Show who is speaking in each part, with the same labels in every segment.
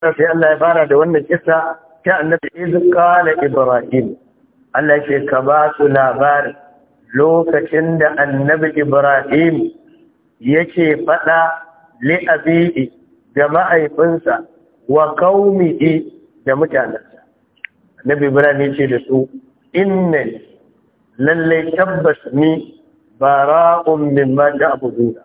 Speaker 1: sai Allah ya fara da wannan kisa ta annabi iz ibrahim Allah ke ka su labari lokacin da annabi ibrahim yake fada li abihi da ma'aifinsa wa qaumihi da mutanansa annabi ibrahim yace da su inna lallai tabbas ni bara'un mimma ta'buduna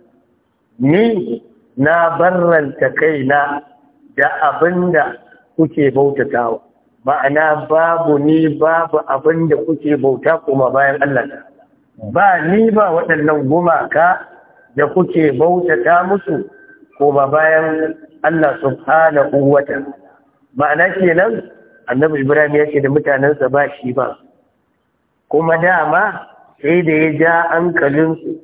Speaker 1: ni na barranta kaina da abin da kuke bautatawa ma'ana babu ni babu abin da kuke bauta kuma bayan Allah ba ni ba waɗannan gumaka da kuke bautata musu kuma bayan Allah subhanahu wa ma'ana kenan annabi Ibrahim ya ce da mutanensa ba shi ba kuma dama sai da ya ja hankalinsu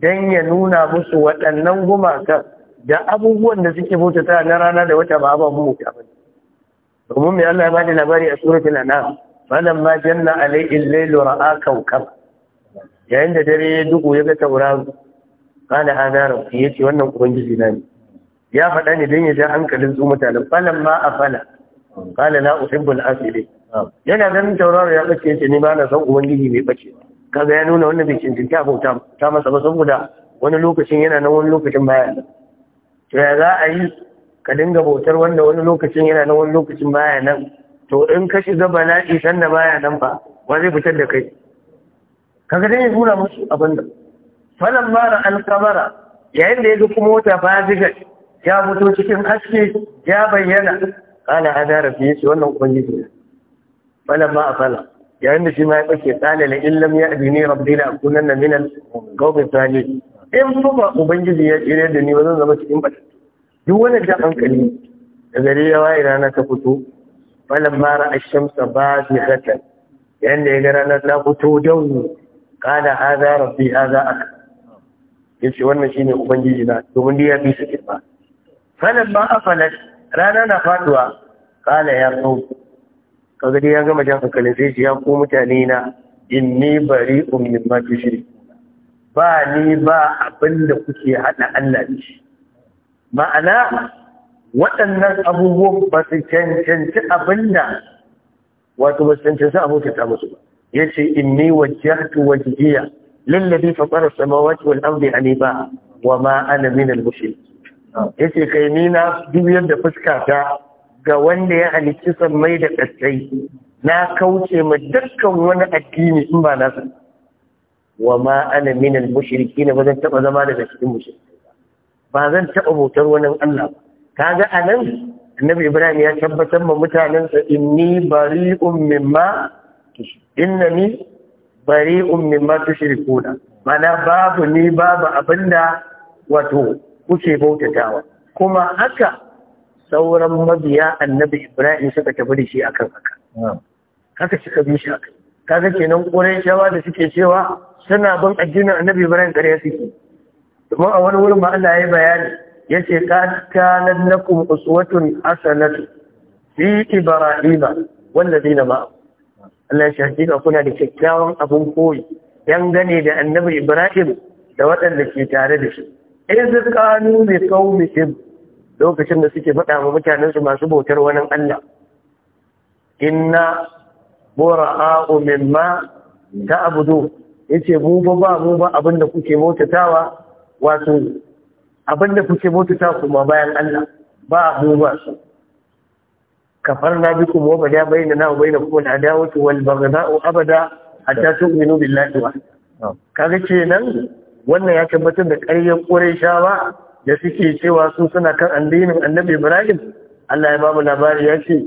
Speaker 1: don ya nuna musu waɗannan gumakan da abubuwan da suke bautata na rana da wata ba ababen bauta ba domin mai Allah ya bada labari a suratul anam Malam ma janna alaihi al-lailu ra'a kawkab yayin da dare ya duku ya ga tauraro kana hada rabbi yace wannan ubangiji na ne ya faɗa ne don ya ja hankalin su mutanen malam ma afala kana la uhibbu al-asili yana ganin tauraro ya bace ce ni ba na san ubangiji mai bace kaga ya nuna wannan bikin a bauta ta masa ba saboda wani lokacin yana nan wani lokacin baya to ya za a yi ka dinga bautar wanda wani lokacin yana nan wani lokacin baya nan to in ka shiga isan da baya nan ba, wa zai fitar da kai kaga dai ya nuna musu abin da falan mara alkamara yayin da ya ga kuma wata fasigar ya fito cikin haske ya bayyana kana hadara fiye shi wannan ubangiji ne falan ma a falan yayin da shi ma ya ɓace tsale illam ya adini rabbi la akunanna minal qawmi salihin in su ba ubangiji ya tsere da ni ba zan zama cikin ba duk wani da hankali da gari ya waye rana ta fito falan mara shamsa ba bi ghatan yanda ya ga rana ta fito dawo kada a za a ka ya yace wannan shine ubangiji na domin da ya fi su kirba falan ma afalat rana na faduwa kala ya kau kaga dai ya gama jan hankalin sai ya ko mutane na inni bari'un mimma tushriku ba ni ba abin da kuke haɗa Allah da shi ma'ana waɗannan abubuwan ba su cancanci abin da wato ba su cancanci abokin ta musu ba ya ce inni wajjahtu wajhiya lillazi fatara samawati wal ardi ba, wa ma ana min al Ya ce kai ni na juyar da fuska ta ga wanda ya halicci sammai da ƙasai na kauce ma dukkan wani addini in ba na sani wa ma ana minal mushriki ne ba taba zama daga cikin mushriki ba zan taba bautar wani Allah kaga anan annabi Ibrahim ya tabbatar ma mutanen sa inni bari'un mimma innani bari'un mimma tushrikuna mana babu ni babu abinda wato kuke bautatawa kuma haka sauran mabiya annabi Ibrahim suka tafi da shi akan haka haka suka bi shi akan kaga kenan ƙurai shawa da suke cewa suna bin addinin annabi ibrahim ƙarya suke kuma a wani wurin ma Allah ya bayani ya ce kanat lakum uswatun hasanatu fi ibrahima wallazina ma Allah ya hakika kuna da kyakkyawan abun koyi Yan gane da annabi ibrahim da waɗanda ke tare da shi su iz mai bi qaumihim lokacin da suke faɗa wa mutanen masu bautar wani Allah inna bura'a'u ta Abudu. yace mu ba ba mu ba abinda kuke motatawa wato abinda kuke kuma bayan Allah ba mu ba su kafarna bikum wa bada na? wa bainakum da adawatu wal baghdha'u abada hatta tu'minu billahi wa kaga kenan wannan ya tabbatar da ƙaryar Qurayshawa da suke cewa su suna kan addinin Annabi Ibrahim Allah ya ba mu labari ya ce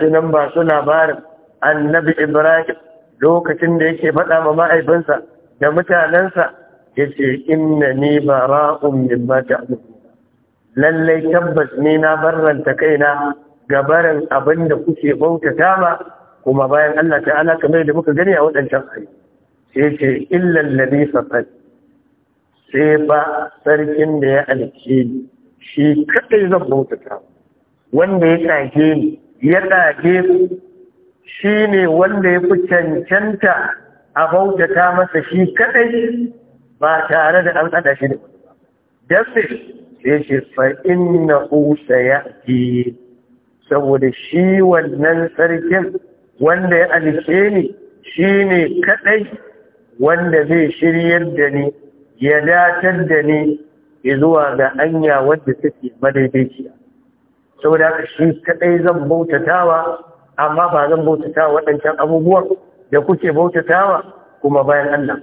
Speaker 1: shi nan ba su labarin Annabi Ibrahim lokacin da yake faɗa ma ma'aifinsa da mutanensa ya ce inna ni ba min mimma abu. lallai tabbas ni na barranta kaina ga barin abin da kuke bautata ba, kuma bayan Allah ta'ala kamar da muka gani a waɗancan ayi sai ce illal ladhi faqat sai ba sarkin da ya alke ni shi kadai zan bautata wanda ya tage ni ya tage shi ne wanda ya fi cancanta a bautata masa shi kadai ba tare da an haɗa shi da dafe sai shi fa'in na usa ya saboda shi wannan sarkin wanda ya alke ni shi ne kadai wanda zai shiryar da ni ya datar da ni zuwa ga anya wadda take madaidaiciya saboda shi kadai zan bautatawa amma ba zan bautata waɗancan abubuwan da kuke bautatawa kuma bayan Allah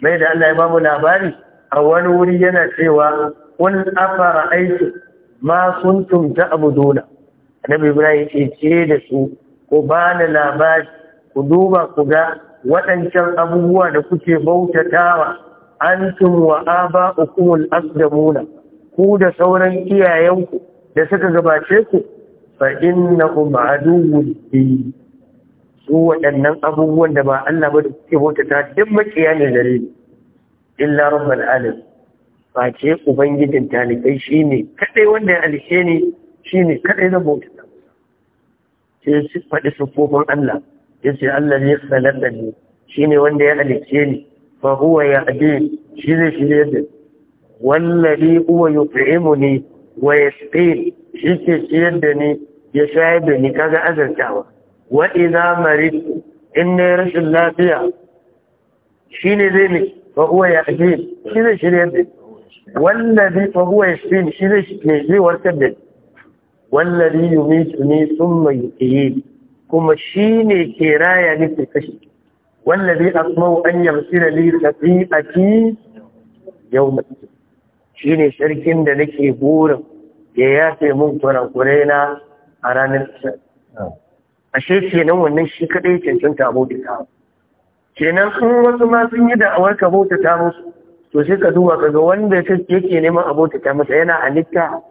Speaker 1: mai da Allah ya ba mu labari a wani wuri yana cewa kun afara aiki ma kuntum ta abuduna annabi Ibrahim ya ce da su ku ba ni labari ku duba ku ga waɗancan abubuwa da kuke bautatawa antum wa aba'ukumul aqdamuna ku da sauran iyayenku da suka gabace ku fa innahum aduwwud li su waɗannan abubuwan da ba Allah ba da kuke bauta duk makiya ne gare ni illa rabbul alamin fa ce ubangijin talibai shine kadai wanda ya alshe shi ne kadai na bauta ta su faɗi sufofin Allah yace Allah ne salalla ne shine wanda ya huwa ya adi shi ne shi ne ne wa shi ke da ni ya shayar da ni kaga azartawa wa ina marid in ne rashin lafiya Shi ne zai ne fa huwa yahdi shi zai shirye da wallazi ba huwa yashfin shi zai zai warkar da wallazi sun mai tsaye kuma shi ne ke raya ni ke kashi wallazi asma'u an yamsira yau da Shi ne sarkin da nake burin ya yafe mun kurakurai na a ranar isa ashe kenan wannan shi kadai cancanta a bauta kenan sun wasu ma sun yi da'awar ka bauta ta musu to sai ka duba kaga wanda yake neman abota ta masa yana halitta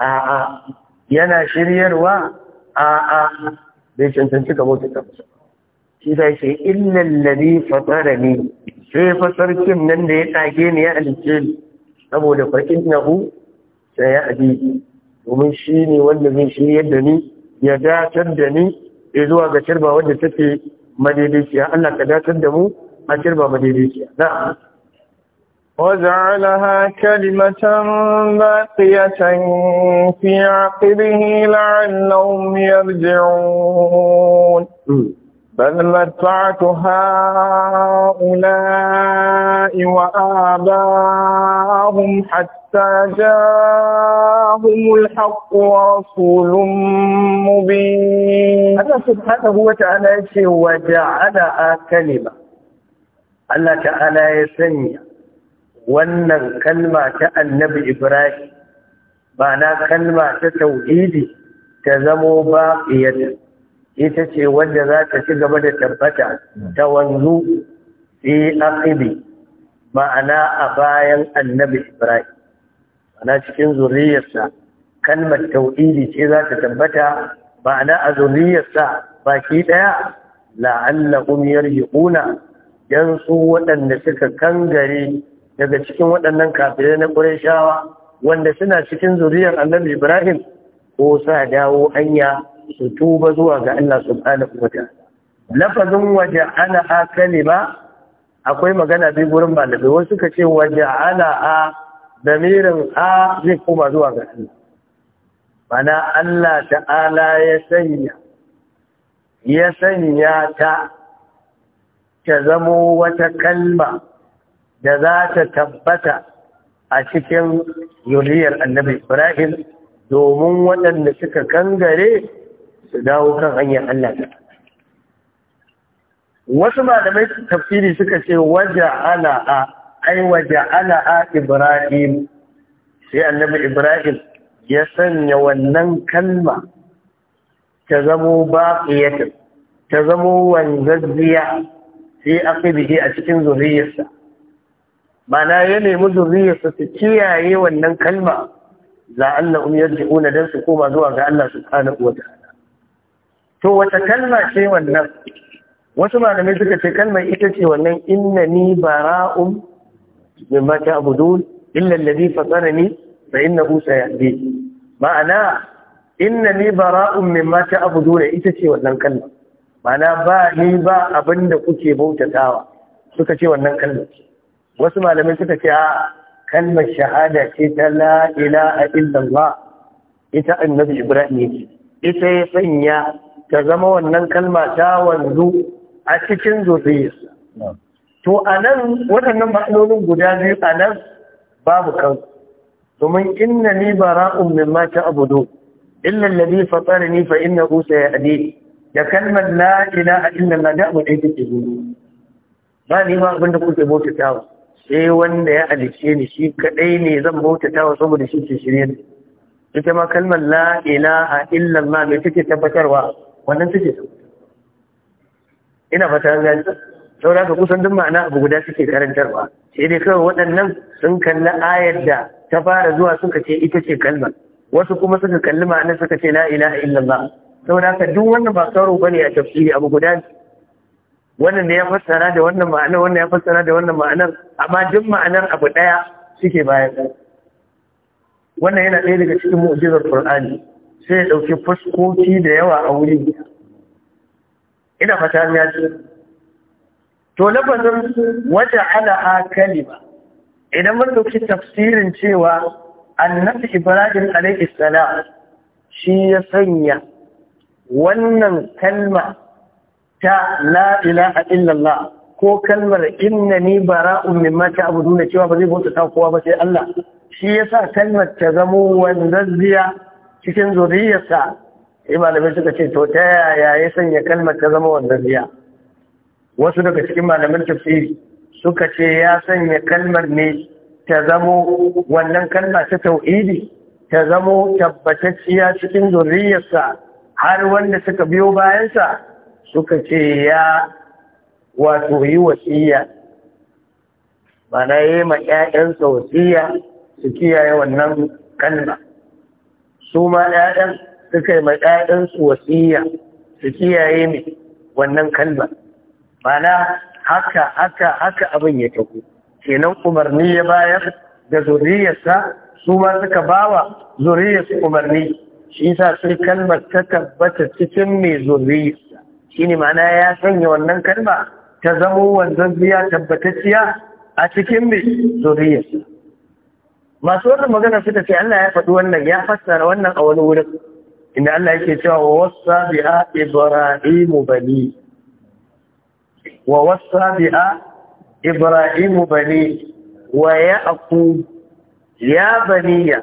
Speaker 1: a'a yana shiryarwa a'a bai cancanci ka bauta ta masa shi sai ce illal ladhi fatarani sai fa sarkin nan da ya tsage ni ya alice ni saboda fa innahu sai ya ajiye domin shi ne wanda zai shirya da ni ya datar da ni ya zuwa ga shirba wanda take madaidaiciya Allah ka
Speaker 2: datar da mu
Speaker 1: a shirba madaidaiciya
Speaker 2: na'am وجعلها كلمة باقية في عقبه لعلهم يرجعون بل متعت هؤلاء وآباءهم حتى حتى جاءهم الحق ورسول مبين الله سبحانه وتعالى يشي وجعل
Speaker 1: كلمة الله تعالى يسمي wannan kalma ta annabi Ibrahim ma'ana kalma ta tauhidi ta zamo ba baƙiyata ita ce wanda za ta ci gaba da tabbata ta wanzu fi aqibi ma'ana a bayan annabi Ibrahim ana cikin zuriyarsa kalmar tauhidi ce za ta tabbata Ba a zuriyarsa baki daya la'allahum yarjiquna dan su waɗanda suka kangare daga cikin waɗannan kafirai na Qurayshawa wanda suna cikin zuriyar Annabi Ibrahim ko sa dawo anya su tuba zuwa ga Allah subhanahu wataala lafazin waja'ala kalima akwai magana bi gurin malamai wasu suka ce ana a damirin a zai koma zuwa ga Allah e. mana Allah ta'ala ya sanya ya sanya ta ta zamo wata kalma da za ta tabbata a cikin yuliyar annabi Ibrahim domin waɗanda suka kangare su dawo kan hanyar Allah ta. Wasu malamai tafsiri suka ce waje ana a ai a Ibrahim sai annabi Ibrahim ya sanya wannan kalma ta zamo baqiyatan ta zamo wanzazziya sai aqibihi a cikin zuriyarsa mana ya nemi zuriyarsa su kiyaye wannan kalma la'annahum una don su koma zuwa ga Allah su kana ta'ala to wata kalma ce wannan wasu malamai suka ce kalmar ita ce wannan Inna ni bara'un mimma ta'budun illa alladhi fatarani fa innahu sayahdi ma'ana innani bara'un mimma ta'budun ita ce wannan kalma ma'ana ba ni ba abinda kuke bautatawa suka ce wannan kalma wasu malamai suka ce a kalmar shahada ce ta a ilaha illallah ita annabi ibrahim yake ita ya sanya ta zama wannan kalma ta wanzu a cikin zuriyarsa to a nan waɗannan matsalolin guda biyu a nan babu kan domin inna ni bara'un mimma ta'budu illa alladhi fatarani fa ya sayadi da kalmar la a illa na, da mu dai take gudu ba ni ba abin da kuke bauta tawa sai wanda ya alice ni shi kaɗai ne zan bauta tawa saboda shi ke shirye ita ma kalmar la a illa na me take tabbatarwa wannan take ina fata an gani saboda ka kusan duk ma'ana abu guda suke karantarwa sai dai kawai waɗannan sun kalli ayar da ta fara zuwa suka ce ita ce kalma wasu kuma suka kalli ma'ana suka ce la ilaha illallah saboda ka duk wannan ba sauro bane a tafsiri abu guda wannan ne ya fassara da wannan ma'anar wannan ya fassara da wannan ma'anar amma duk ma'anar abu ɗaya suke bayan wannan yana ɗaya daga cikin mu'jizar Qur'ani sai ya ɗauki fuskoki da yawa a wuri ina fata ya ce to labarin wata ala a kalima idan mun ɗauki tafsirin cewa annabi ibrahim alaihi salam shi ya sanya wannan kalma ta la ilaha illallah ko kalmar innani bara'un mimma ta'buduna cewa ba zai bauta ta kowa ba sai Allah shi yasa kalmar ta zamo wanzazziya cikin zuriyarsa sai suka ce to ta yaya ya sanya kalmar ta zama wanzazziya wasu daga cikin malamin tafsiri suka ce ya sanya kalmar ne ta zamo wannan kalma ta tauhidi ta zamo tabbatacciya cikin zurriyarsa har wanda suka biyo bayansa suka ce ya wato yi wasiya mana yi ma 'ya'yansa wasiya su kiyaye wannan kalma su ma 'ya'yan suka yi ma 'ya'yansu wasiya su kiyaye ne wannan kalma mana haka haka haka abin ya tafi kenan umarni ya bayar da zuriyarsa su ma suka bawa zuriyarsa umarni shi yasa sai kalmar ta tabbata cikin mai zuriyarsa shine ma'ana ya sanya wannan kalma ta zamo wanzan biya tabbatacciya a cikin mai zuriyarsa masu wannan magana suka ce Allah ya faɗi wannan ya fassara wannan a wani wurin inda Allah yake cewa wasa bi'a ibrahimu bani ووصى بها إبراهيم بني ويعقوب يا بني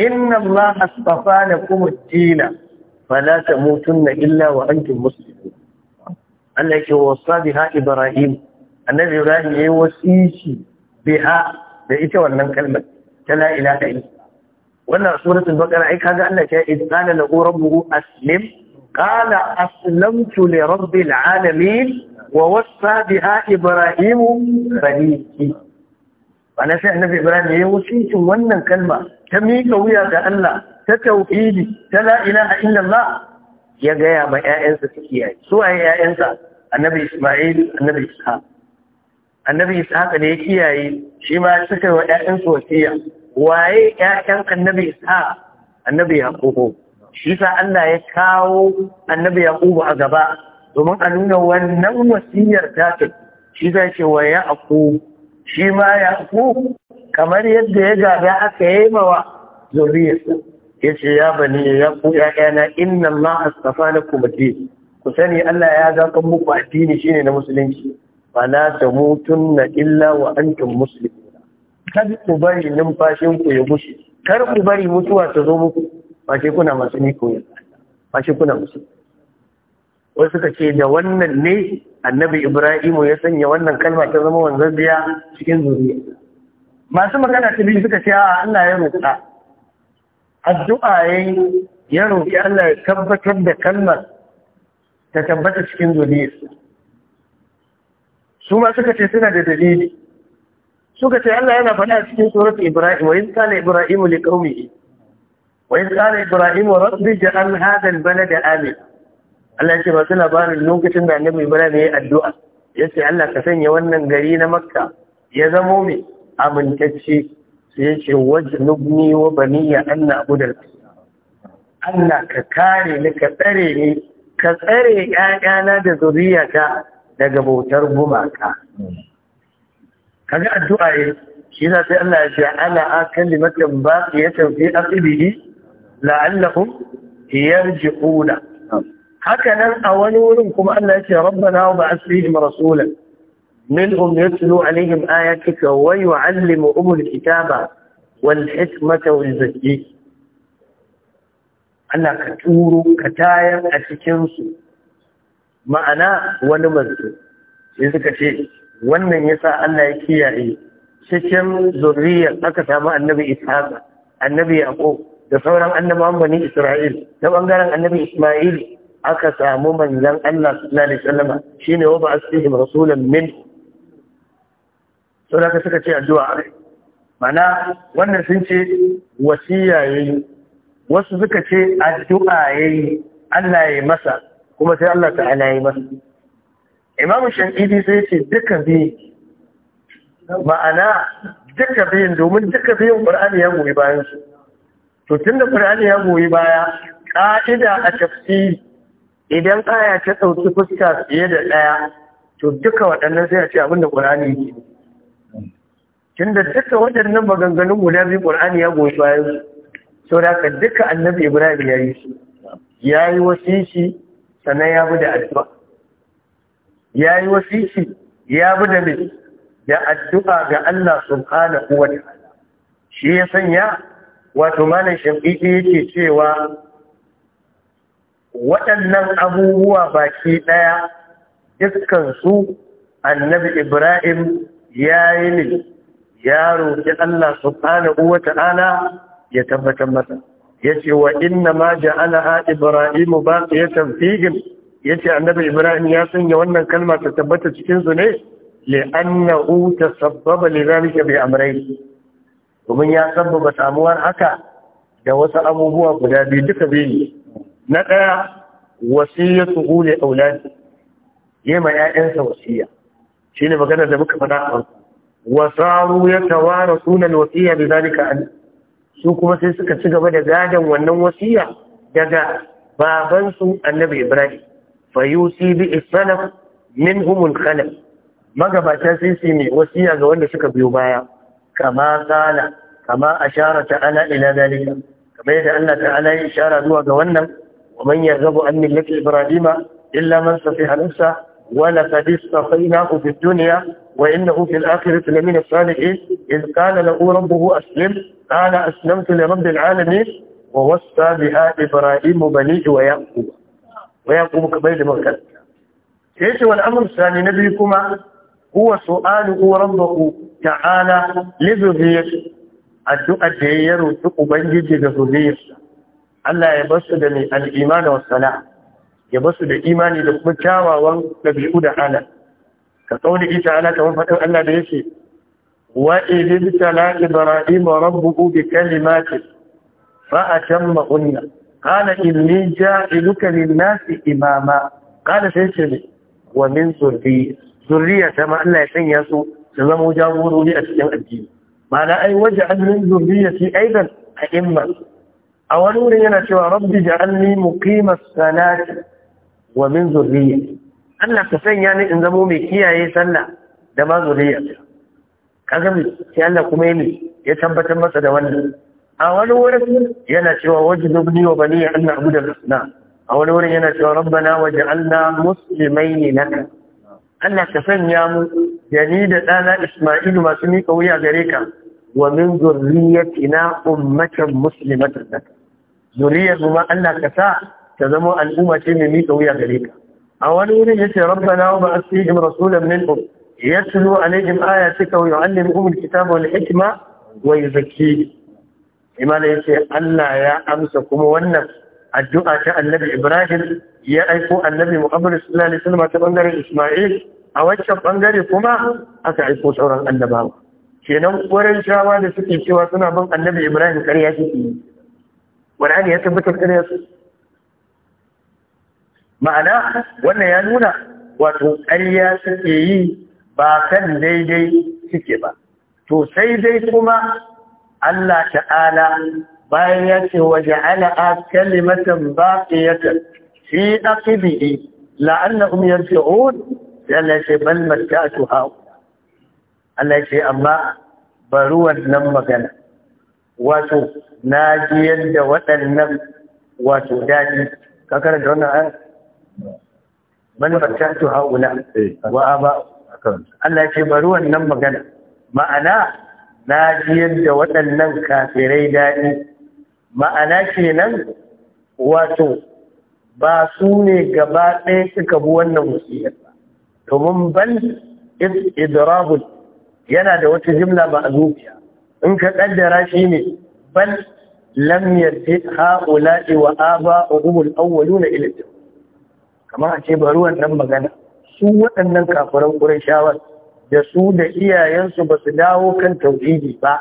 Speaker 1: إن الله اصطفى لكم الدين فلا تموتن إلا وأنتم مسلمون التي وصى بها إبراهيم النبي إبراهيم يوصيشي بها بإيش ولم كلمة لا إله إلا wannan suratul baqara ai kaga Allah ya ce qala lahu rabbuhu aslim qala aslamtu li rabbil alamin wa wasa biha ibrahimu banihi ana sai annabi ibrahim ya wuce wannan kalma ta mika wuya ga Allah ta tauhidi ta la ilaha illallah ya gaya ma ƴaƴansa su kiyaye su waye ƴaƴansa annabi isma'il annabi ishaq annabi ishaq da ya kiyaye shi ma suka yi wa ƴaƴansu wasiya waye ƴaƴan annabi ishaq annabi yaqubu shi sa Allah ya kawo annabi yaqubu a gaba domin a nuna wannan wasiyar ta ta shi zai ce wa ya aku shi ma ya aku kamar yadda ya gada aka yi mawa zuriyarsa ya ce ya bani ya ku ya'yana inna Allah astafa lakum ad-din ku sani Allah ya zaɓa muku addini shine na musulunci fala tamutunna illa wa antum muslimun kada ku bari numfashin ku ya bushe kar ku bari mutuwa ta zo muku ba kuna masu ni ko ba kuna musulmi wasu suka ce da wannan ne annabi ibrahimu ya sanya wannan kalma ta zama biya cikin zuriya masu magana ta biyu suka ce a Allah ya roƙa addu'a yi ya roƙi Allah ya tabbatar da kalmar ta tabbata cikin zuriya su ma suka ce suna da dalili suka ce Allah yana faɗa cikin suratul Ibrahim wa in tsana Ibrahimu li qaumihi wa in Ibrahimu Ibrahim rabbi ja'al hadha al-balada amina Allah ya ce ba su labarin lokacin da annabi Ibrahim ya yi addu'a ya ce Allah ka sanya wannan gari na Makka ya zamo mai amintacce sai ya ce wajnubni wa baniya anna abudal Allah ka kare ni ka tsare ni ka tsare ƴaƴana da zuriyata daga bautar gumaka kaga addu'a ne shi yasa sai Allah ya ce ana akalimatan baqiyatan fi aqibihi la'allahum yarji'una haka nan a wani wurin kuma Allah ya ce rabbana wa ba'ath fihim rasulan minhum yatlu alaihim ayatika wa yu'allimuhum alkitaba wal hikmata wal zakki Allah ka turo ka tayar a cikin su ma'ana wani manzo sai suka ce wannan yasa Allah ya kiyaye cikin zuriyar aka samu annabi Ishaq annabi Yaqub da sauran annabawan bani Isra'il da bangaren annabi Isma'il aka samu manzan Allah sallallahu alaihi wasallam shine wa ba'athihim rasulan min saboda suka ce addu'a mana wannan sun ce wasiya yayi wasu suka ce addu'a yayi Allah ya masa kuma sai Allah ta'ala ya masa Imam Shafi'i sai ce duka bi ma'ana duka biyin domin duka biyin Qur'ani ya goyi bayansu. su to tunda Qur'ani ya goyi baya ƙa'ida a tafsiri idan aya ta ɗauki fuska fiye da ɗaya to duka waɗannan sai a ce abinda ƙur'ani tun tunda duka waɗannan maganganun guda biyu ƙur'ani ya goyi bayan su sau da duka annabi ibrahim ya yi ya yi wasisi sannan ya bi da addu'a ya yi wasisi ya bi da mai da addu'a ga Allah subhanahu wa ta'ala shi ya sanya wato malam shafi'i yake cewa waɗannan abubuwa baki ɗaya iskansu annabi Ibrahim ya yi ne ya roƙi Allah subhanahu wa ta'ala ya tabbatar masa ya ce wa inna ma ja'alaha Ibrahimu ba su ya tamfigin ya ce annabi Ibrahim ya sanya wannan kalma ta tabbata cikinsu ne li'annahu tasabbaba li zalika bi amrayn domin ya sabbaba samuwar haka da wasu abubuwa guda biyu duka biyu na ɗaya wasiyya su hule auladi yi ma ‘ya'yansa wasiyya shi ne magana da muka faɗa a wasaru ya tawara sunan wasiyya da zalika an su kuma sai suka ci gaba da gadon wannan wasiyya daga babansu annabi ibrahim fa yusi bi isanaf min humul khalaf magabata sai su mai wasiya ga wanda suka biyo baya kama kala kama ashara ta'ala ila zalika kamar yadda Allah ta'ala ya ishara zuwa ga wannan ومن يرغب عن ملة إبراهيم إلا من سفه نفسه ولقد اصطفيناه في الدنيا وإنه في الآخرة لمن الصالحين إذ قال له ربه أسلم قال أسلمت لرب العالمين ووصى بها إبراهيم بنيه ويعقوب ويعقوب كبير مركز إيش والأمر الثاني نبيكما هو سؤاله ربه تعالى لذريته الدعاء da ya أبنجي لذريته Allah ya basu da mai al'imani wasu sana'a ya basu da imani da kuma kyawawan ɗabi'u da ala ka kauli ita ala kamar faɗin Allah da yake wa idin tala ran rabbuhu bi kalimati fa can unna qala inni ja'iluka lin-nasi imama qala sai ce ne wa min zurriya ta ma Allah ya sanya su su zama jagorori a cikin addini ma'ana ai waje an min zurriyati aidan a imma a wani wurin yana cewa rabbi ja'alni muqimas salati wa min zurriyyati Allah ka sanya ni in zamo mai kiyaye sallah da ma zurriyyata kaga sai Allah kuma yi ya tabbatar masa da wannan a wani wurin yana cewa wajnubni wa bani Allah, na'budu na a wani wurin yana cewa rabbana waj'alna muslimaini laka Allah ka sanya mu da ni da ɗana Isma'ilu masu miƙa wuya gare ka wa min zurriyatina ummatan muslimatan laka zuriyar mu ma Allah ka sa ta zama al'umma ce mai miƙa wuya gare ka a wani wurin yace rabbana wa ba'athihim rasulan minhum yatlu alaihim ayatika umar" yu'allimuhum alkitaba wal hikma wa yuzakkihim imana ce. Allah ya amsa kuma wannan addu'a ta annabi Ibrahim ya aiko annabi Muhammadu sallallahu alaihi wasallam ta bangaren Isma'il a wancan bangare kuma aka aiko sauran annabawa kenan wurin shawa da suke cewa suna bin annabi Ibrahim karya suke yi والعالية تبتل إلي يصير معنى وانا يانونا واتو أليا سكيي باكن ليدي سكيبا تو سيدي كما الله تعالى بايت وجعل كلمة باقية في أقبئي لأنهم يرجعون لأنه يقول بل متأتها الله يقول أما بروة نمكنا wato na ji yadda waɗannan wato daɗi kakar da wannan an man fatatu haula eh. wa ba. Allah ce bari wannan magana ma'ana na ji yadda waɗannan kafirai daɗi ma'ana kenan wato ba su ne gaba ɗaya suka bi wannan wasiyar ba domin ban idrabul yana da wata jimla ba a zuciya in ka kaddara shi ne bal lam yarti haula'i wa aba'uhum al-awwaluna ila kamar a ce ba ruwan ɗan magana su waɗannan kafiran Qurayshawa da su da iyayensu ba su dawo kan tauhidi ba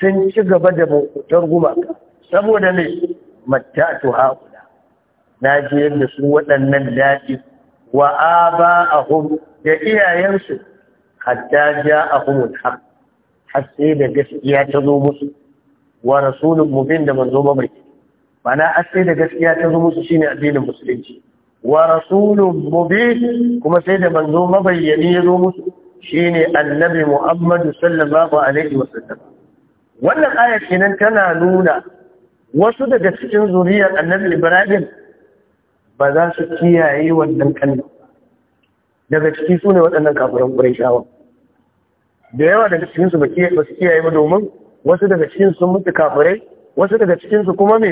Speaker 1: sun ci gaba da bautar gumaka saboda me matatu haula na ji yadda su waɗannan daɗi wa aba'ahum da iyayensu hatta a al-haq haske da gaskiya ta zo musu wa rasulun mubin da manzo mabarki mana haske da gaskiya ta zo musu shine addinin musulunci wa rasulun mubin kuma sai da manzo mabayyani ya zo musu shine annabi Muhammad sallallahu alaihi wasallam wannan ayar kenan tana nuna wasu daga cikin zuriyar annabi Ibrahim ba za su kiyaye wannan kalma daga ciki su ne waɗannan kafiran shawar. da yawa daga cikin su ba su kiyaye ba domin wasu daga cikin sun mutu kafirai wasu daga cikin su kuma me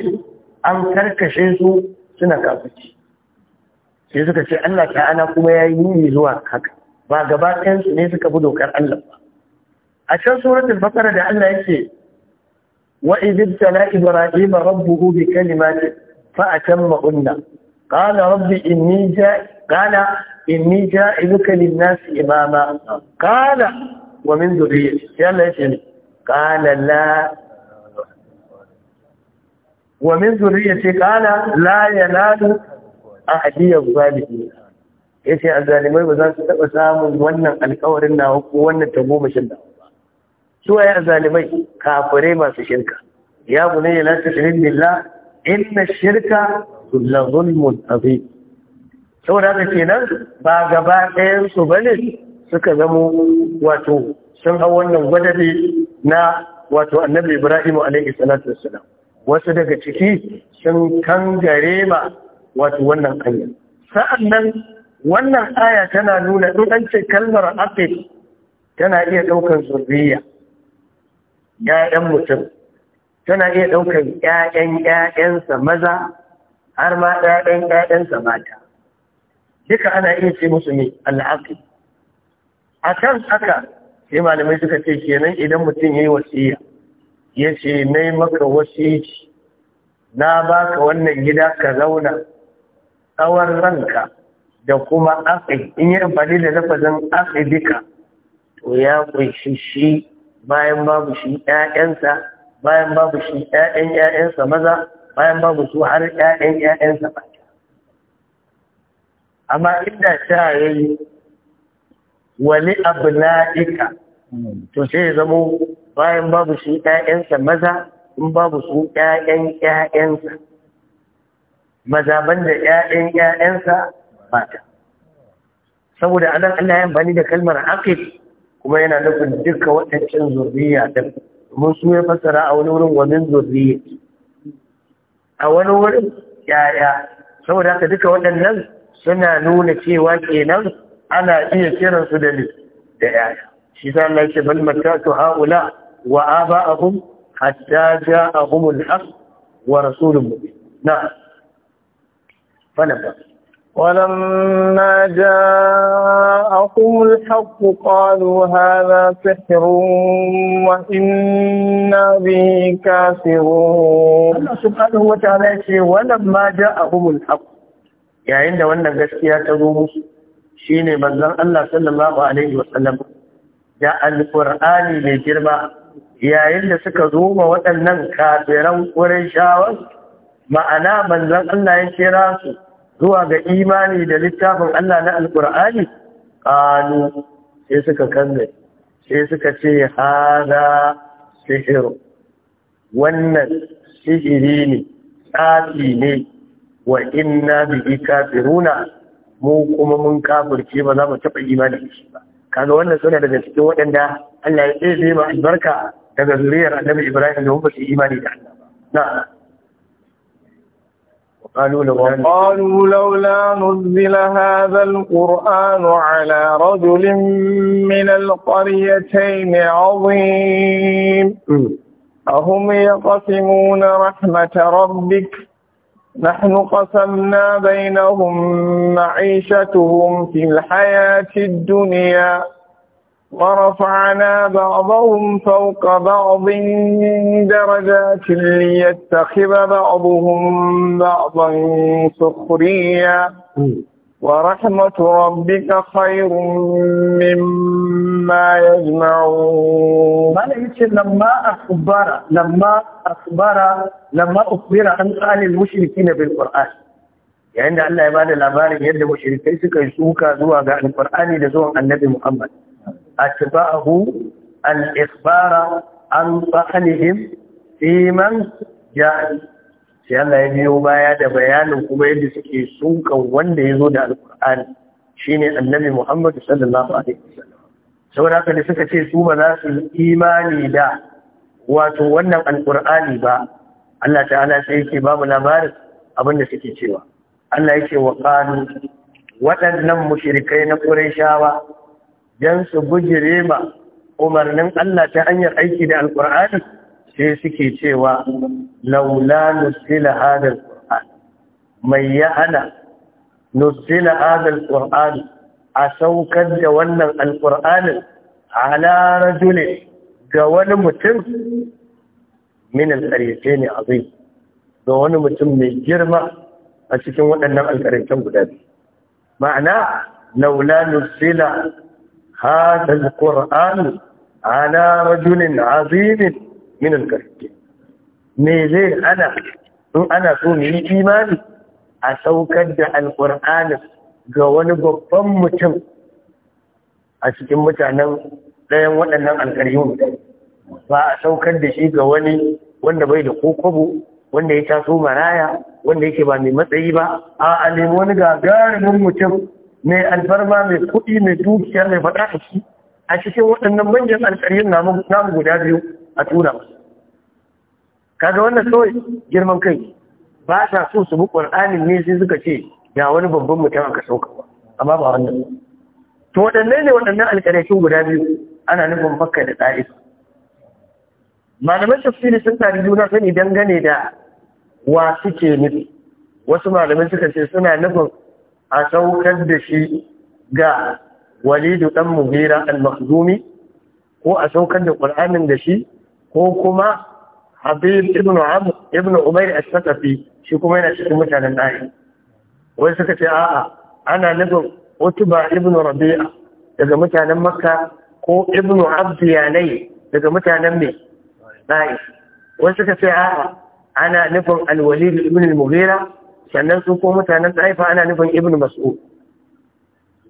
Speaker 1: an karkashe su suna kafirci sai suka ce Allah ana kuma ya yi nuni zuwa haka ba gaba ɗayan su ne suka bi dokar Allah ba a can suratul baqara da Allah yake wa idh tala ibrahim rabbuhu bi kalimatin fa atamma unna قال رب إني جاء قال ja جاء لك للناس إماما قال wa min zuri sai ya ce ne la wa min zurriyyati qala la yanalu ahadi az-zalimin yace azzalimai ba za su taba samun wannan alkawarin nawa ko wannan tagomashin da su waye azzalimai kafirai masu shirka ya bunayya la tushrik in inna shirka la zulmun azim saboda haka kenan ba gaba ɗayan su bane suka zamo wato sun hau wannan gwadabe na wato annabi Ibrahim alaihi salatu wassalam wasu daga ciki sun gare ma wato wannan aya sa'annan wannan aya tana nuna in an ce kalmar aqid tana iya ɗaukar zurriya ‘ya'yan mutum tana iya ɗaukar ‘ya'yan ‘ya'yansa maza har ma ‘ya'yan ‘ya'yansa mata duka ana iya ce musu ne al'aƙi akan haka sai malamai suka ce kenan idan mutum ya yayi wasiya yace yi maka wasiyi na baka wannan gida ka zauna tsawon ranka da kuma afi in yi amfani da lafazin afi duka to ya kunshi shi bayan babu shi ƴaƴansa bayan babu shi ƴaƴan ƴaƴansa maza bayan babu su har ƴaƴan ƴaƴansa ba amma inda ta yayi wani abna'ika to sai ya zamo bayan babu shi 'ya'yansa maza in babu su 'ya'yan 'ya'yansa maza banda ƴaƴan ba ta saboda anan Allah yin bani da kalmar aqib kuma yana nufin duka waɗancan zurriya din mun su ya fassara a wani wurin wannan zurriya a wani wurin 'ya'ya saboda haka duka waɗannan suna nuna cewa kenan ana iya kiransu da da yaya shi sa Allah yake bal matatu haula wa aba'ahum hatta
Speaker 2: ja'ahum al-haq wa rasulun mubin na'am ولما جاءهم الحق قالوا هذا سحر وإنا به كافرون الله سبحانه وتعالى يقول ولما جاءهم الحق
Speaker 1: يعني عند وانا يا الروس Shi shine manzon Allah sallallahu alaihi wasallam da alƙur'ani mai girma yayin da suka zo ma waɗannan kafiran shawar? ma'ana manzan Allah ya kira su zuwa ga imani da littafin Allah na alƙur'ani qalu sai suka kange sai suka ce hada sihiru wannan sihiri ne tsafi ne wa inna bihi kafiruna mu kuma mun kafirce ba za mu taba imani da shi ba kaga wannan suna daga cikin waɗanda Allah ya tsaye ma albarka daga zuriyar annabi Ibrahim da wanda su imani
Speaker 2: da Allah ba na'am وقالوا لولا نزل هذا القرآن على رجل من القريتين عظيم أهم يقسمون رحمة ربك نحن قسمنا بينهم معيشتهم في الحياة الدنيا ورفعنا بعضهم فوق بعض درجات ليتخذ بعضهم بعضا سخريا ورحمة ربك خير مما يجمعون ما نيجي لما أخبر لما
Speaker 1: أخبر لما أخبر عن قال المشركين بالقرآن يعني أن الله يبادل الأبار يد مشركين سكيسوك زوا عن القرآن لزوا النبي محمد أتباعه الإخبار عن صحنهم في من جاء sai Allah ya biyo baya da bayanin kuma yadda suke sunkan wanda ya zo da alkur'ani shine annabi Muhammad sallallahu alaihi wasallam saboda haka da suka ce su ba za su imani da wato wannan alkur'ani ba Allah ta'ala sai yake babu labarin abinda suke cewa Allah yake wa qalu waɗannan mushrikai na Qurayshawa dan su bujire ma umarnin Allah ta hanyar aiki da alkur'ani sai suke cewa laula nusila hadal qur'an mai ya hana nusila hadal qur'an a saukar da wannan alqur'anin ala rajul ga wani mutum min ne azim ga wani mutum mai girma a cikin waɗannan alqaryatan guda biyu ma'ana laula nusila hadal qur'an ala rajulin azimin min al me zai ana in ana so mu yi imani a saukar da alqur'ani ga wani babban mutum a cikin mutanen ɗayan waɗannan alƙaryun ba a saukar da shi ga wani wanda bai da kokobo wanda ya taso maraya wanda yake ba mai matsayi ba a alimi wani gagarumin mutum mai alfarma mai kuɗi mai dukiya mai faɗa a a cikin waɗannan manyan alƙaryun namu guda biyu a tura masu kaga wannan kawai girman kai ba sa so su bi ƙwar'anin ne sai suka ce ya wani babban mutum aka sauka ba amma ba wannan to waɗannan ne waɗannan alƙarashin guda biyu ana nufin fakka da ta'if malaman tafsiri sun tari juna sani dangane da wa suke nufi wasu malamai suka ce suna nufin a saukar da shi ga walidu ɗan mugira al-makhzumi ko a saukar da qur'anin da shi ko kuma habib ibn amr ibn umayr as sakafi shi kuma yana cikin mutanen da'i wai suka ce a'a ana nufin utba ibn rabi'a daga mutanen makka ko ibn abdiyanai daga mutanen me da'i wai suka ce a'a ana nufin al-walid ibn al-mughira sannan su ko mutanen taifa ana nufin ibn mas'ud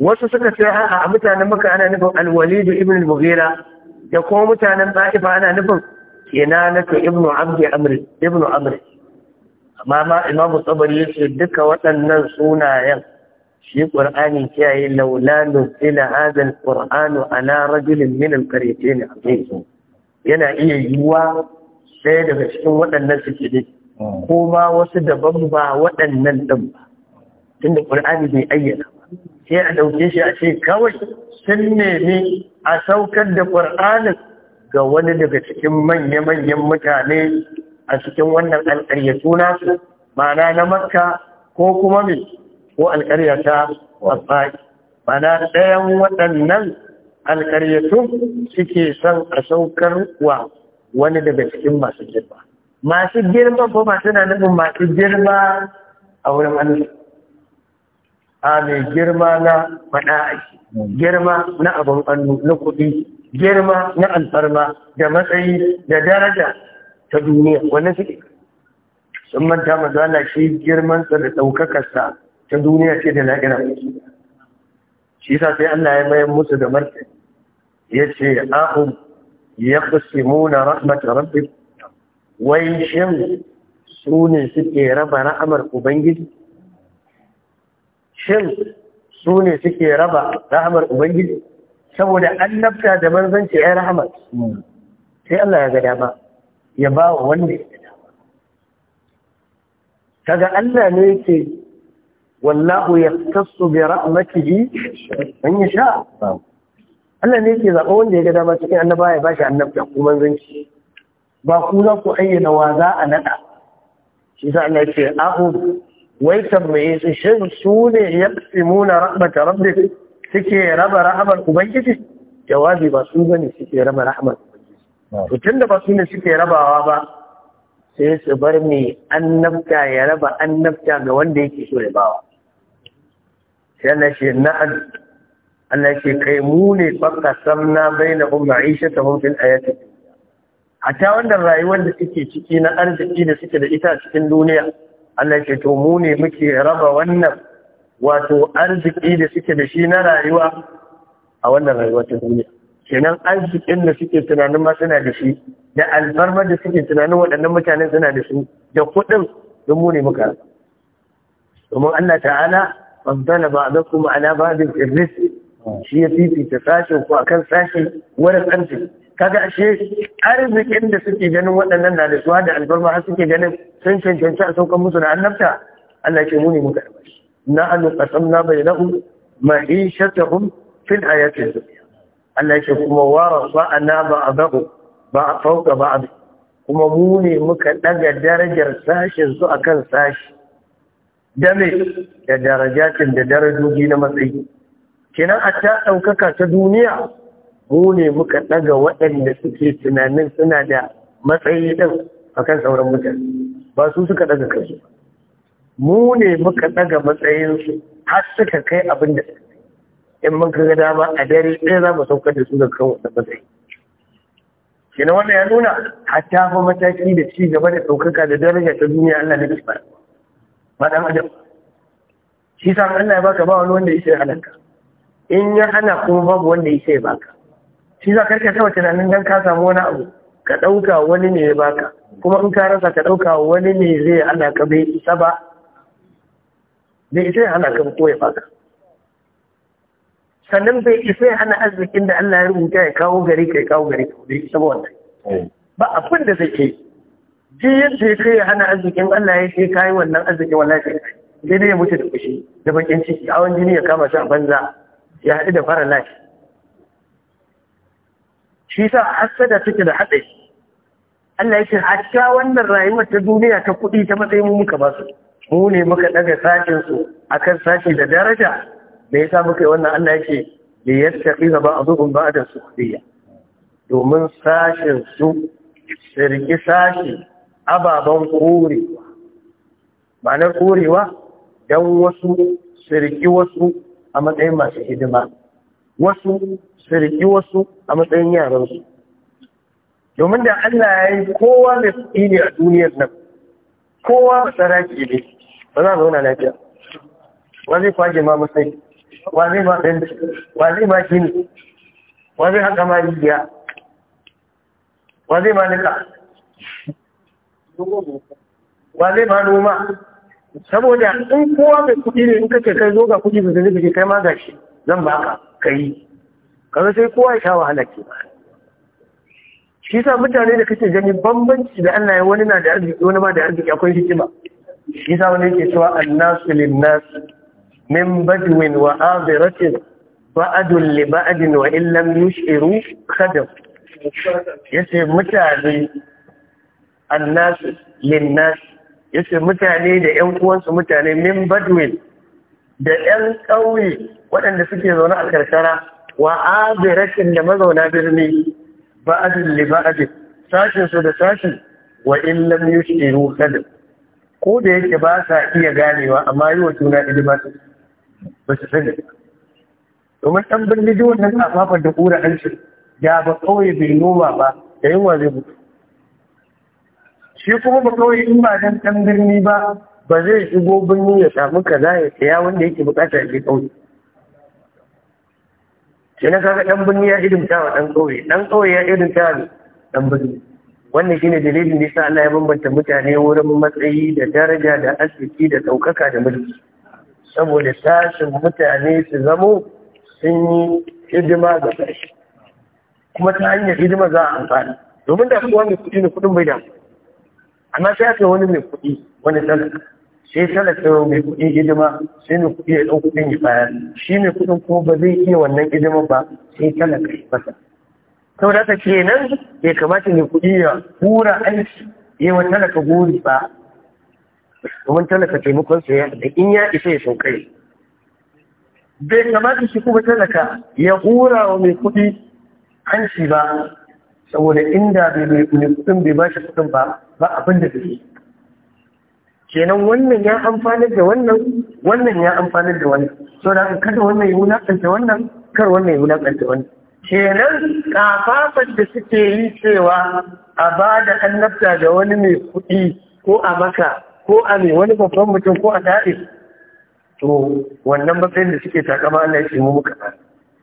Speaker 1: wasu suka ce a'a a mutanen makka ana nufin al-walid ibn al-mughira da kuma mutanen ta'ifa ana nufin kinanatu ibnu abdi amri ibnu amri amma ma imam tsabari yace duka waɗannan sunayen shi ƙur'ani kiyaye laula nuzila hadha a ala rajulin min alqaryatayn azim yana iya yiwuwa sai daga cikin waɗannan suke dai ko ma wasu daban ba waɗannan ɗin ba tunda qur'ani bai ayyana ba sai a ɗauke shi a ce kawai sun nemi a saukar da ƙur'anin ga wani daga cikin manya-manyan mutane a cikin wannan alƙarya suna su ma'ana na makka ko kuma mai ko alƙarya ta wasfa'i ma'ana ɗayan waɗannan alƙaryatun suke son a saukar wa wani daga cikin masu girma masu girma ko masu na nufin masu girma a wurin Allah a mai girma na faɗa girma na abin ƙannu na kuɗi girma na alfarma da matsayi da daraja ta duniya wannan suke sun manta maza shi girmansa da ɗaukakarsa ta duniya ce da lahira shi sa sai Allah ya mayar musu da martani ya ahum muna rahmatar rabbi wai shin su ne suke raba ra'amar ubangiji shin su ne suke raba rahamar ubangiji saboda an nafta da manzanci ya rahama sai Allah ya ga dama ya ba wa wanda ya ga dama kaga Allah ne ke wallahu yaqtasu bi an yi sha. Allah ne ke zaɓa wanda ya ga dama cikin annaba ya bashi annabta ko manzanci ba ku za ku ayyana wa za a naɗa shi sa Allah ya ce wai tambaye su shin su ne ya tsimuna rahmata rabbi suke raba rahamar ubangiji jawabi ba su bane suke raba rahamar ubangiji to da ba su ne suke rabawa ba sai su bar mai annabta ya raba annabta ga wanda yake so ya bawa sai Allah shi na'an Allah shi kai mu ne fakka samna bainahum ma'ishatahum fil ayati hatta wanda rayuwar da suke ciki na arziki da suke da ita cikin duniya Allah ke to mu ne muke raba wannan wato arziki da suke da shi na rayuwa a wannan rayuwa ta duniya kenan arzikin da suke tunanin ma suna da shi da alfarmar da suke tunanin waɗannan mutanen suna da su da kuɗin don mu ne muka domin Allah ta'ala faddala ba'dakum ala ba'dil rizq shi ya fifita sashin ku akan sashi wurin arziki kaga ashe arzikin da suke ganin waɗannan na da suwa da alfarma, har suke ganin sun cancanci a saukan musu na annabta Allah ke muni muka da bashi na annu qasamna ma'i ma'ishatahum fil hayati dunya Allah ke kuma wara a na ba a a ba fauka ba a kuma mu ne muka daga darajar sashin su akan sashi dame da darajatin da darajoji na matsayi kenan a ta ɗaukaka ta duniya mu ne muka ɗaga waɗanda suke tunanin suna da matsayi ɗin a kan sauran mutane ba su suka ɗaga kansu mu ne muka ɗaga matsayinsu har suka kai abin da in mun kaga dama a dare ɗaya za mu saukar da su ga kan da matsayi kina wannan ya nuna hatta fa mataki da ci gaba da ɗaukaka da daraja ta duniya Allah ne ba ba dan adam shi sa Allah ya baka ba wani wanda yake halanka in ya hana kuma babu wanda yake baka shi za ka rike saba tunanin dan ka samu wani abu ka ɗauka wani ne ya baka kuma in ka rasa ka ɗauka wani ne zai ana ka bai isa ba bai isa ya hana ka ko ya baka sannan bai isa ya hana arzikin da Allah ya rubuta ya kawo gari ka ya kawo gari ka bai isa ba wannan eh. ba abin da zai ke ji yadda ya kai ya hana arzikin Allah ya sai kayi wannan arzikin wallahi sai dai ya mutu da kushi da bakin ciki awon jini ya kama shi a banza ya haɗu da fara lafiya shi a hasada take da haɗari Allah yake hatta wannan rayuwar ta duniya ta kuɗi ta matsayin mu muka ba su mu ne muka daga sashin su akan sashi da daraja da yasa muka yi wannan Allah yake da yattaqi ba ba'dhum ba'da sukhriya domin sashin su sirki sashi ababan korewa ma'anar korewa don wasu sirki wasu a matsayin masu hidima wasu su riƙi wasu a matsayin yaransu domin da Allah ya yi kowa mai kuɗi ne a duniyar nan kowa ba ke ne ba za a zauna lafiya wa zai kwaje ma masai wa zai ma ɗanci wa zai ma gini wa zai haka ma rigiya? wa zai ma nika wa zai ma noma saboda in kowa mai kuɗi ne in kake kai zo ga kuɗi su zai kai ma gashi zan ka kai kaga sai kowa ya sha wahala ke ba shi sa mutane da kake gani bambanci da Allah ya wani na da arziki wani ba da arziki akwai hikima shi sa wani yake cewa annasu nas min badwin wa aziratin wa adul li ba'din wa illam yushiru khadam yace mutane annasu nas yace mutane da ƴan uwansu mutane min badwin da 'yan ƙauye waɗanda suke zaune a karkara wa rashin da mazauna birni ba'adin li ba'adin sashin su da sashin, wa in lam yushiru kadin ko da yake ba sa iya ganewa amma yi wa juna hidima su ba su sani domin ɗan birni duk wannan kafafar da ƙura an da ba ƙauye bai noma ba da yunwa zai mutu shi kuma ba ƙauye in ba dan ɗan birni ba ba zai shigo birni ya samu kaza ya saya wanda yake bukatar ya kauye sai na kaga ɗan birni ya irin wa ɗan kauye ɗan kauye ya irin wa dan birni wannan shine dalilin da yasa Allah ya bambanta mutane wurin matsayi da daraja da arziki da ɗaukaka da mulki saboda tashin mutane su zamo sun yi hidima ga ƙarshe kuma ta hanyar hidima za a amfani domin da kuwa wani kuɗi ne kuɗin bai damu amma sai aka wani mai kuɗi wani talaka sai talaka yau mai kuɗin hidima sai mai kuɗi ya ɗau kuɗin ya bayar shi mai kuɗin ko ba zai iya wannan hidima ba sai talaka ya masa ta ke kenan ya kamata ne kuɗi ya hura aiki ya wani talaka guri ba domin talaka taimakon sa da in ya isa ya saukai bai kamata shi kuma talaka ya hura wa mai kuɗi hanci ba saboda inda mai kuɗin bai ba shi kuɗin ba ba abin da zai kenan wannan ya amfanar da wannan wannan ya amfanar da wannan so da kada wannan ya wulakanta wannan kar wannan ya wulakanta wannan kenan kafafan da suke yi cewa a ba da annabta ga wani mai kuɗi ko a maka ko a mai wani babban mutum ko a da'is to wannan matsayin da suke takama Allah ya ce mu muka ba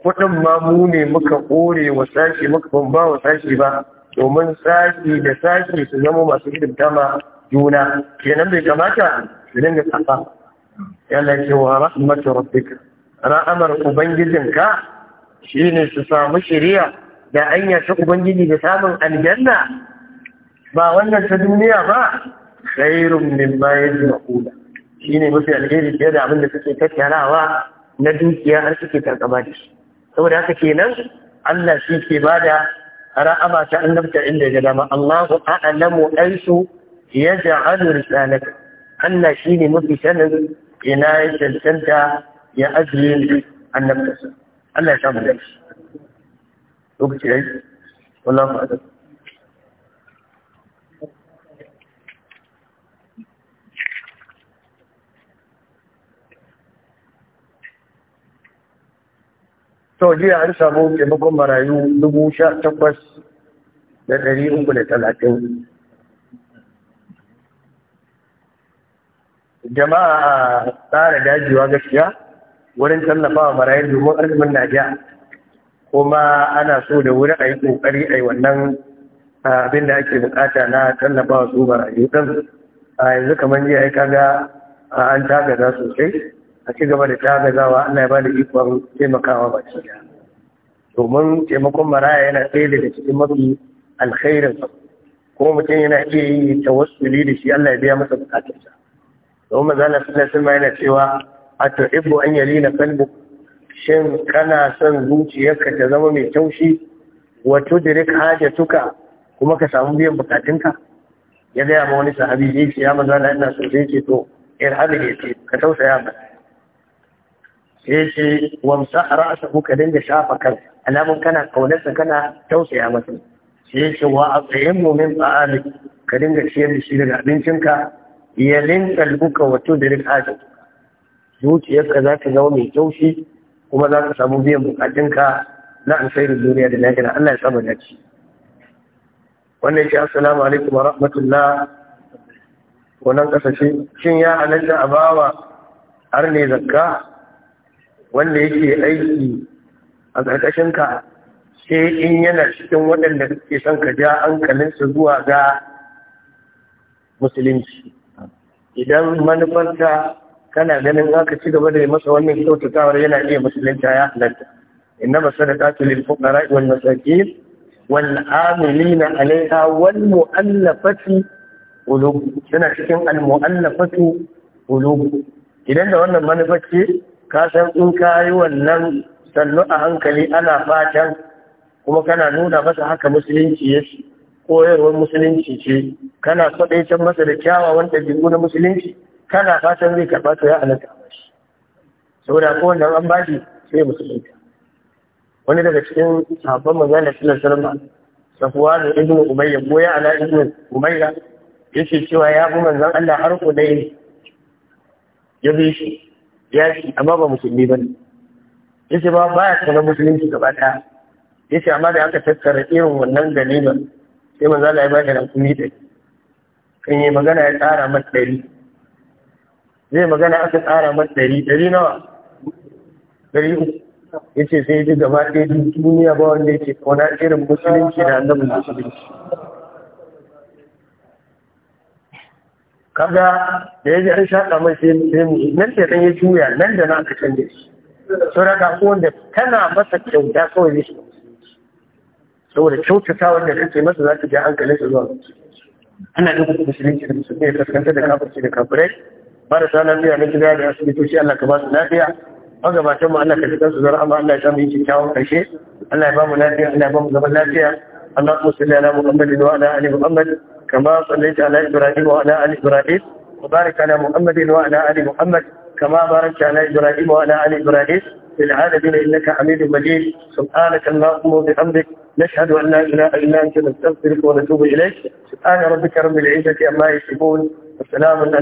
Speaker 1: kuɗin ma mu ne muka kore wa sashi muka ban ba wa sashi ba domin sashi da sashi su zama masu hidimta ma juna kenan bai kamata su dinga tsafa yana cewa rahmatu rabbika ra'amar ubangijinka shine su samu shiriya da anya ta ubangiji da samun aljanna ba wannan ta duniya ba khairun mimma yajma'una shine mafi alheri fiye da abin da suke tattarawa na dukiya har suke karkaba da shi saboda haka kenan Allah shi ke bada ra'ama ta annabta inda ya dama Allahu a'lamu aisu يجا عدو رسالك أن شيني مدي سنن جناي سلسلتا يا أجل أن نبتسر أنا نشام ليش وقت ليش والله فاتح توجي على سابو كمكم مرايو نبوشا تقوس للذي يمكن يتلعتين jama'a tsara dajewa gaskiya wurin tallafawa marayu domin arzikin Najeriya kuma ana so da wuri a yi ƙoƙari a yi wannan abin da ake bukata na tallafawa su marayu ɗin a yanzu kamar jiya ya kaga an tagaza sosai a ci gaba da tagazawa ana ba da ikon taimakawa ba ɗaya domin taimakon maraya yana ɗaya daga cikin mafi alkhairin kuma mutum yana iya yi tawassuli da shi Allah ya biya masa bukatarsa don mazana suna sun yana cewa a Ibo, an yali na kalbu shin kana son zuciyarka ta zama mai taushi wato dirik tuka kuma ka samu biyan bukatunka ya gaya ma wani sahabi zai ce ya mazana ina so zai ce to ir hada ya ce ka tausaya ba sai ce wa wamsa ra'asa ku ka dinga shafa kan alamun kana kaunarsa kana ya masa sai ce wa a tsayin ba'a ba'ali ka dinga ciyar da shi daga abincinka yalin kalbuka wato da rikajin zuciyarka za ta zama mai kyaushi kuma za ka samu biyan bukatunka na da duniya da lahira Allah ya saba dace wannan shi assalamu alaikum wa rahmatullah wannan kasashe shin ya halatta a bawa har ne zakka wanda yake aiki a ƙarƙashinka. ka sai in yana cikin waɗanda kake son ka ja hankalinsa zuwa ga musulunci idan manufarta kana ganin za ka ci gaba da yi masa wannan kyautatawar yana iya musulunta ya halatta inna masadaqatu lil fuqara wal masakin wal amilina alaiha wal mu'allafati qulub Suna cikin al mu'allafatu idan da wannan manufar ka san in ka yi wannan sannu a hankali ana fatan kuma kana nuna masa haka musulunci ya yake koyarwar musulunci ce kana can masa da kyawawan ɗabi'u na musulunci kana fatan zai karɓa to ya halatta a Sau saboda ko wannan an bashi sai musulunci wani daga cikin sahabban magana sallar safuwa da ibn umayya goya ala ibn umayya yace cewa ya bi manzon Allah har ko dai ya bi shi ya shi amma ba musulmi bane yace ba ya kana musulunci gaba ɗaya yace amma da aka tattara irin wannan ganimar sai manzo Allah ya ba shi rakumi da kan yi magana ya tsara mata ɗari zai magana aka tsara mata ɗari ɗari nawa ɗari uku ya ce sai ji gaba ɗaya duk duniya ba wanda yake kona irin musulunci da annabin musulunci kaga da ya ji an shaɗa mai sai nan da ɗan ya juya nan da na aka canje shi sauraka wanda tana masa kyauta kawai zai shi تقول شو تساوي ان انت مثلا تجي عنك ليس الوقت انا لو كنت مسلمين كنت مسلمين كنت كنت لك افضل شيء لك افريك بارس انا بيها من جدا لها سبيت وشي انا كباس نافيا اوكي ما تم انك تتنسو زر اما انا جام يجي تاوم اي شيء انا ابام نافيا انا ابام زبا نافيا انا اقوم سلي على محمد وعلى آل محمد كما صليت على إبراهيم وعلى آل إبراهيم وبارك على محمد وعلى آل محمد كما باركت على إبراهيم وعلى آل إبراهيم في العالمين إنك حميد مجيد سبحانك اللهم وبحمدك
Speaker 2: نشهد أن لا إله إلا أنت نستغفرك ونتوب إليك سبحان ربك رب العزة عما يصفون وسلام على